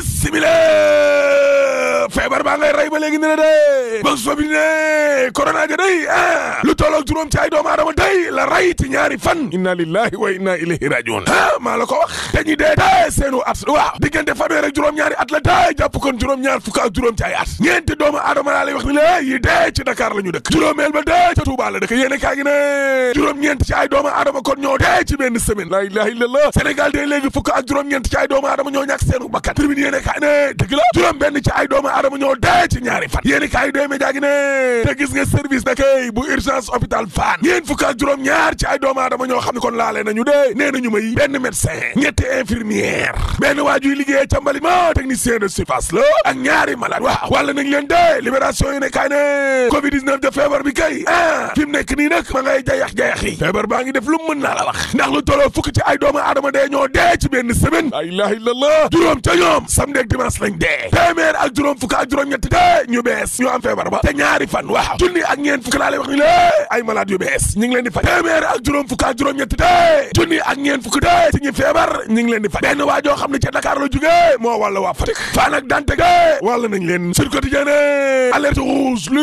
Bismillah. feebar baa ngay rey ba léegi ne la dee bos fa bi ja day ah, lu tolloog juróom ci ay doomu aadama day la rey ci ñaari fan inna lillahi wa inna ilayhi rajiun ah maa ko wax te ñu dee tey seenu at waaw diggante fanweer ak juróom-ñaari at la tey jàpp kon juróom-ñaar fukk ak juróom ci ay at ñeenti doomu aadama laa lay wax ni la yi dee ci Dakar la ñu dëkk juróomeel ba dee ca Touba la dëkk yéene kaa ne juróom-ñeent ci ay doomu aadama kon ñoo dee ci benn semaine ñoo dee ci ñaari fan yéeni kaay yi déemé jaagi ne te gis nga service da kay bu urgence hôpital Fann ñeen fukk ak juróom ñaar ci ay doomu aadama ñoo xam ne kon laalee nañu dee nee nañu may benn médecin ñetti infirmière benn waajuy liggéey ca mbali ma technicien de surface la ak de feebar bi kay ah fi nekk nii nag ma ngay jayax-jayax yi feebar baa ngi def lu mën naa la wax ndax lu tolloo fukk ci ay doomu aadama dee ñoo dee ci benn semaine la ilaha illallah juróom ca ñoom samedi juróom-ñett de ñu bees ñoo am feebar ba te ñaari fan waaw junni ak ñeent fukk laa wax ni lé ay malade yu bees ñu leen di faj téeméer ak juróom fukk ak juróom-ñett de junni ak ñeent fukk de ci ñu feebar ñu leen di faj benn waa joo xam ne ca Dakar la jógee moo wàlla waa fan ak dante de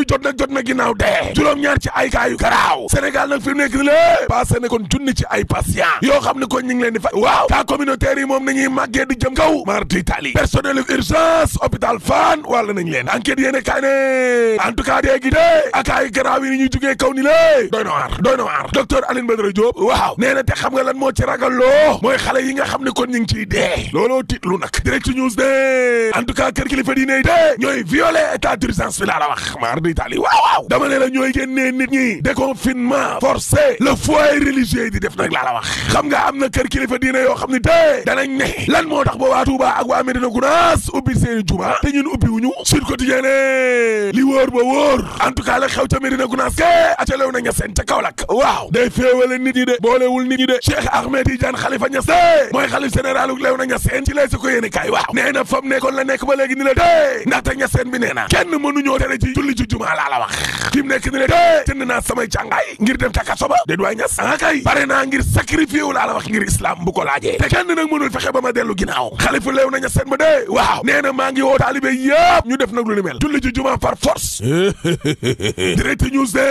de juróom-ñaar ci ay kaayu garaaw Sénégal nag fi nekk ni lé passé na kon junni ci ay patient yoo xam ne kon ñu leen di faj waaw cas communautaire moom nañuy nañ leen enquête yéene kaay ne en tout cas dee dee ak ay garaaw yi ni ñuy doy na waar doy na waar docteur Aline Badara Diop waaw nee te xam nga lan moo ci ragal loo mooy xale yi nga xam ne kon ñu ngi ciy dee looloo tiitlu nag direct news de en tout cas kër kilifa diine yi de ñooy violé état d'urgence bi laa la wax maar di taali waaw dama ne la ñooy génnee nit ñi déconfinement forcé le foyer religieux di def nag laa la wax xam nga am na kër kilifa diine yoo xam ne te danañ ne lan moo tax Sud Quotidien ne li wóor ba wóor en tout cas la xew ca Médina Gounass ke acalew na Niassène ca Kaolack waaw day féewale nit ñi de boolewul nit ñi de Cheikh Ahmed Tidiane Khalifa Niass mooy xalif généralu lew na Niassène ci lay si ko yéene waaw nee na nekkoon la nekk ba léegi ni la ndaxte Niassène bi nee kenn mënuñoo tere ci julli ci jumaa laa wax fi nekk ni la dee jënd samay càngaay ngir dem ca kaso ba déet ah waay ba ma waaw nee maa ngi def nag lu ni mel julli ji jumaa par force direct news de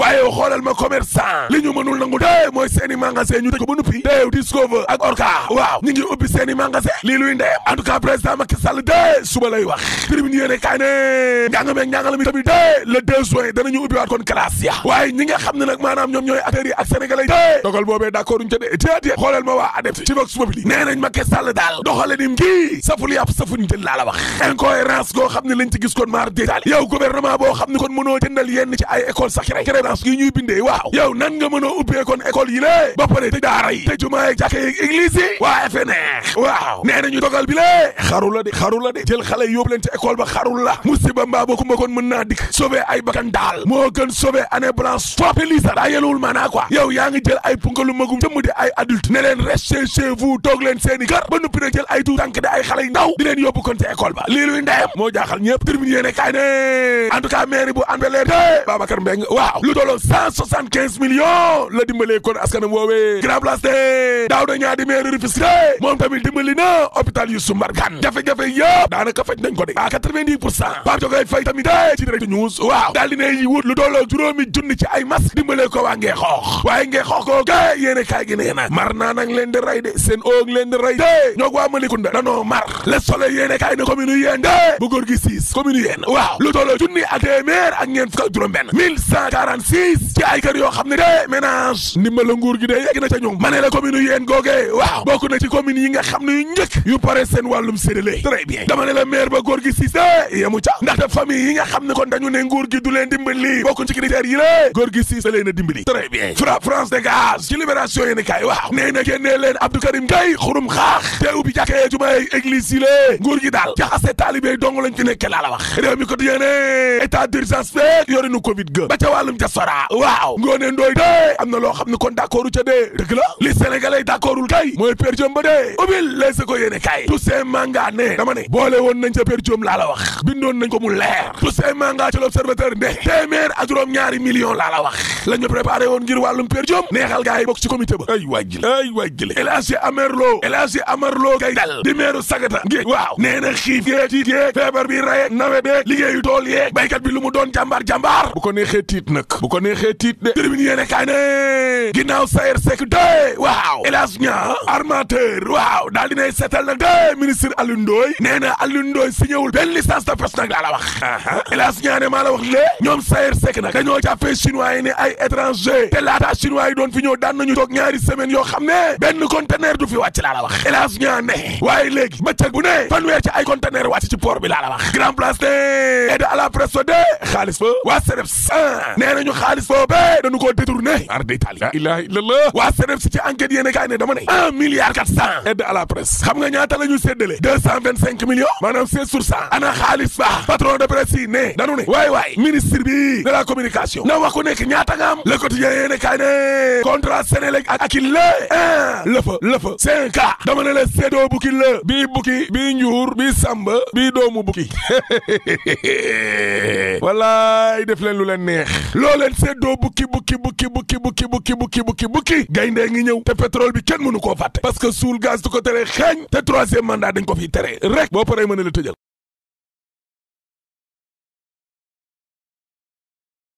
waaye xoolal ma commerçant li ñu mënul nangu de mooy seeni magasin ñu tëj ko ba noppi deew Discover ak Orca waaw ñu ngi ubbi seeni magasin lii luy ndee en tout cas président Macky Sall de suba lay wax tribune yéene kaay ne njàng meeg njàngale mi tamit de le deux kon classe ya waaye ñi nga xam ne nag maanaam ñoom ñooy acteurs yi ak sénégalais yi dogal boobee d'accord duñu ca dee déedéet xoolal ma la wax ne lañ ci gis kon maar détaal yow gouvernement boo xam ne kon mënoo jëndal yenn ci ay école sacré crédence yi ñuy bindee waaw yow nan nga mënoo ubbee kon école yi lée ba te daara te jumaa yi jàkka yi église yi waa waaw nee nañu dogal bi lée xaru la de xaru de jël xale yóbbu leen école ba xarul la musiba mbaa kumba kon mën naa dikk sauver ay bakkan daal moo gën sauver année blanche foopi lii sax daa yeluwul maanaa quoi yow yaa ngi jël ay jël jaaxal ñëpp terminé yéene kaay ne en tout cas mairie bu Hann Bel-Air de eh, Babacar Mbeng waaw lu tolloon cent soixante quinze millions la dimbalee kon askanam woowee Grand Place de daaw na ñaa di mairie Rufisque de eh, moom tamit dimbali na hôpital Youssou Mbargane jafe-jafe yëpp daanaka faj nañ ko de à quatre-vingt-dix pour cent ah. Pape Jogoy Faye tamit de eh, ci direct news waaw daal ne yi wut lu tolloo juróomi junni ci ay masque dimbalee ko waa ngee xoox waaye ngee xoox ko ga yéene kaay gi nee six communes yéen waaw lu tolloo ci ay kër yoo xam ne de ménage ndimbala nguur gi de yegg na ca ñoom ma ne la commune yéen googee waaw bokk na ci commune yi nga xam ne yu njëkk yu pare seen wàllum séddale très bien dama ne la maire ba góor gi siis de yemu ca ndaxte famille yi nga xam ne kon dañu ne nguur gi du leen dimbali bokk ci critères yi lée góor gi siis da leen a dimbali très bien fra France dégage ci libération yéen kaay waaw nee na génnee leen Abdou Karim Gueye xurum xaax te ubbi nekke laa la wax réew mi ko yéene état d'urgence feek yorinu covid ga ba ca wàllum diaspora waaw ngoone ndooy dee am na loo xam ne kon d'accordu ca dee dëgg la li sénégalais d'accordul kay mooy pér ba dee ubil lay sa ko yéene kay Toussaint Manga ne dama boole woon nañ ca pér laa la wax bindoon nañ ko mu leer Toussaint Manga ca l'observateur ne téeméer ak juróom ñaari million laa la wax la ñu woon ngir wàllum pér neexal gaa yi bokk ba ay di reye nawet beeg liggéeyu tool yeeg béykat bi lu mu doon jàmbaar jàmbaar bu ko neexee tiit nag bu ko neexee tiit de tribune yéene kaay ne ginnaaw sayer sek de waaw hélas ña armateur waaw daal dinay seetal nag de ministre Alioune Ndoye nee na Alioune Ndoye si ñëwul benn licence de pêche nag laa la wax hélas ñaa ne maa la wax lée ñoom sayer sek nag dañoo jàppee chinois yi ne ay étranger te laata chinois doon fi ñëw daan nañu toog ñaari semaines yoo xam ne benn conteneur du fi la wax hélas ñaa ne waaye léegi bëccëg bu ne fanweer ci bi laa grand place de aide à la presse de xaalis ba waa CDEPS nee nañu xaalis boobee dañu koo détourné ar d'Italie la ilaha illallah waa CDEPS ci enquête yéen a kaay ne dama ne un milliard quatre cent aide à la presse xam nga ñaata la ñu séddale deux cent vingt cinq millions maanaam seize sur cent ana xaalis ba patron de presse yi ne danu ne waay waay ministre bi de la communication na wax ku nekk ñaata nga am le quotidien yéen a kaay ne contrat Sénélec ak akil la ah lëfa ne la séddoo bukki la bii bukki bii njuur bii samba bii bukki walaay def leen lu leen neex loo leen seddoo bukki bukki bukki bukki bukki bukki bukki bukki bukki gayndee ngi ñëw te pétrole bi kenn mënu koo fàtte parce que suul gaz du ko tere xeeñ te troisième mandat dañ ko fi tere rek boo paree mën a la tëjal